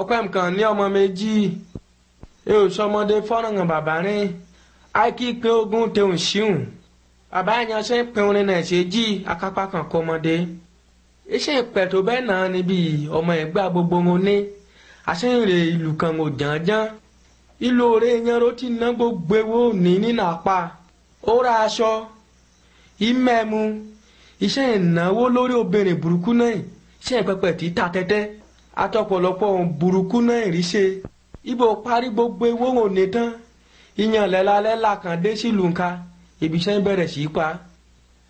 ọpẹ́ nǹkan ní ọmọ méjì ẹ ò sọmọdé fọ́nrán bàbá rìn áìkí pé ogún tẹ̀hún síhùn bàbá yẹn ṣe ń pin orin náà ṣe jí akápá kan kọ́ ọmọdé iṣẹ́ ìpẹ́ tó bẹ́ẹ̀ náà níbi ọmọ ẹ̀gbá gbogbo wọn ní àṣeyìnrè ìlú kan ò jàǹjàǹ ìlú òre yẹn ló ti ná gbogbo ewu ní nínú apá ó ra aṣọ ìmẹ̀mú iṣẹ́ ìnáwó lórí obìnrin burúkú náà iṣẹ́ ìpẹ́pẹ́ tí ta tẹ́tẹ́ àtọ̀pọ̀lọpọ̀ ohun burúkú náà rí ṣe ibo parí gbogbo ewé òun ní tán ìyàn lẹ́lalẹ́la kan dé sílùú nǹka ibiṣẹ́ bẹ̀rẹ̀ sí í pa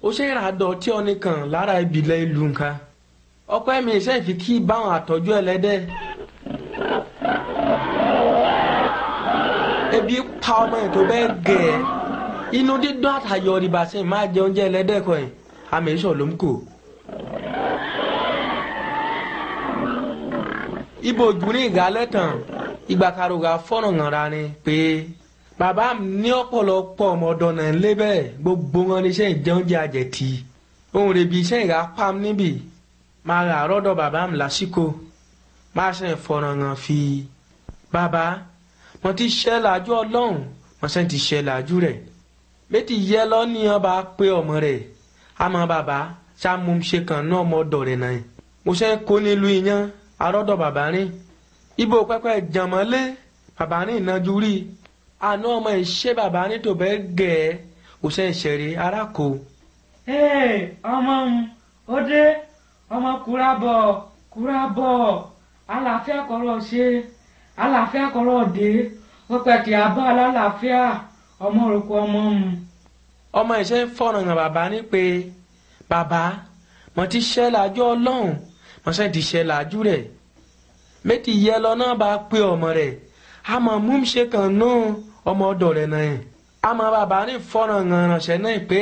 ó ṣe ìràdọ̀ tí ọ̀nì kan lára ìbílẹ̀ ìlú nǹka ọpẹ́ mi ṣe fi kí báwọn àtọ́jú ẹlẹ́dẹ̀ ebi pa ọmọ yẹn tó bẹ́ẹ̀ gẹ̀ ẹ́ inú dídùn àtàyọ̀ rìbàṣẹ́ máa jẹ oúnjẹ ẹlẹ́dẹ̀ kọ́ ẹ̀ àmì ìṣọ̀ ló ń kò. ibo juni ìgálẹ́ tán ìgbàkaroga fọ́nà ńlá ni pé bàbá ní ọ̀pọ̀lọpọ̀ ọmọdún náà lébẹ̀ gbogbo wọn ní iṣẹ́ ìjẹunjẹ àjẹtì ohun rèébi iṣẹ́ ìhà pam níbì máa rà rọ́dọ̀ bàbá mi lásìkò máa ṣe ìfọ̀ràn hàn fi bàbá wọn ti ṣẹ́ làájú ọlọ́run wọn ṣe ti ṣẹ́ làájú rẹ̀ bẹ́tì yẹ lọ́ní ọba pé ọmọ rẹ̀ àmọ́ bàbá ṣàmúṣe kan náà ọmọ rẹ̀ náà mo ṣe ń kó nílùú iyán arọ́dọ̀ bàbá rìn ibo pẹ́pẹ́ jàmọ́lé bàbá rìn ìnajú rí àná ọmọ ìṣe bàbá rìn tó bẹ́ẹ̀ gẹ̀ ẹ́ òṣè ìṣẹ̀rí aráko. ee ọmọ ń ó dé ọmọ kúra bọ̀ kúra bọ̀ àlàáfíà kọ̀rọ̀ ṣe àlàáfíà kọ̀rọ̀ dé ó pẹ̀tì àbọ̀ alálàáfíà ọmọ òrùkọ ọmọ ń. ọmọ ìṣe ń fọ̀ràn bàbá ní pé bàbá mo ti ṣẹ́ lájọ́ ọlọ́run mọ̀sán ti ṣe làájú rẹ̀ méjì yẹ lọ náà bá pé ọmọ rẹ̀ àmọ́ múmṣe kan nù ọmọ ọ̀dọ̀ rẹ̀ náà àmọ́ bàbá ní fọ́nrán ránṣẹ́ náà pé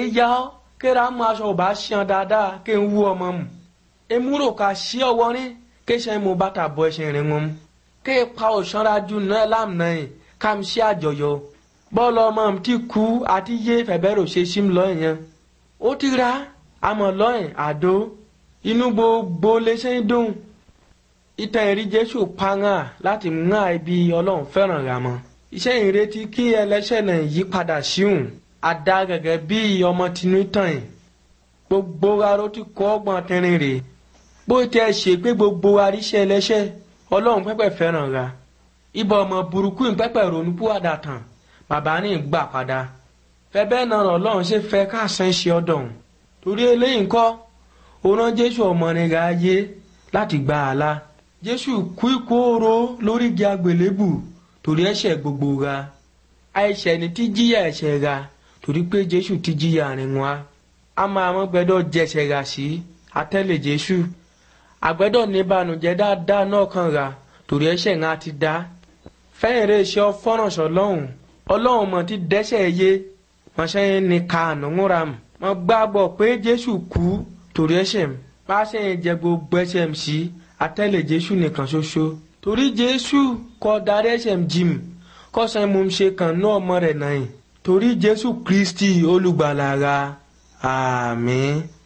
ìyá ọ kéra mú aṣọ ò bá ṣan dáadáa kí n wú ọmọ mu emúrò ká ṣí ọwọ́ rí kí ṣe mú bàtà bọ ẹṣin rìn wọn kí pa òṣanra ju náà láàmú náà ká m ṣe àjọyọ̀ bọ́ọ̀lù ọmọ mi ti kú àti yé fẹ̀bẹ́rò ṣe sí mi lọ́yìn yẹn ó ti ra àmọ̀ lọ́yìn àdó inú gbogbo léṣe ń dùn ìtàn ìrí jésù pààyàn láti ńlá ibi ọlọ́run fẹ́ràn rà mọ́ iṣẹ́ ìrètí kí ẹlẹ́ṣẹ̀ náà yí padà síhùn àdá gẹ́gẹ́ bí ọmọ tinú tàn yìí gbogbo aró ti kọ́ ọgbọ́n tẹrin rè bó tẹ ṣe pé gbogbo aríṣẹ́ ẹlẹ́ṣẹ̀ ọlọ́run pẹ́pẹ́ fẹ́ràn rà ibà ọmọ burúkú pẹ́pẹ́ ronú púwàdà tàn bàbá ní ìgbà padà fẹ́ bẹ́ẹ̀ náà ọlọ́run ṣe fẹ́ káàsán ṣe ọdọ̀ ó rán jésù ọmọnìga ayé láti gba àlà jésù kú ikú oró lórí igi àgbélébù torí ẹ̀ṣẹ̀ gbogbo wa àìṣẹ̀ ni tí jìyà ẹ̀ṣẹ̀ ga torí pé jésù ti jìyà rìn wá a máa mọ gbẹ́dọ̀ jẹsẹ̀ gà sí atẹ́lẹ̀ jésù àgbẹ́dọ̀ ní ìbànújẹ́ dáadáa náà kàn rà torí ẹ̀ṣẹ̀ ńlá ti dá fẹ́yìn rẹ̀ ṣe fọ́ràn sọlọ́hún ọlọ́hun mọ̀ ti dẹ́ṣẹ̀ yé mọ̀ṣẹ́ yẹn ní kaànú mọ̀ gbàgbọ́ pé jésù kú torí ẹ̀ṣẹ̀ mi bá a ṣe yẹn jẹ gbogbo ẹ̀ṣẹ̀ mi sí atẹ́lẹ̀ jésù nìkan ṣoṣo torí jésù kó darí ẹ̀ṣẹ̀ mi jì mí kó san mo ṣe kàn ní ọmọ rẹ̀ náà torí jésù kristi olùgbàlà ra àmín. Ah,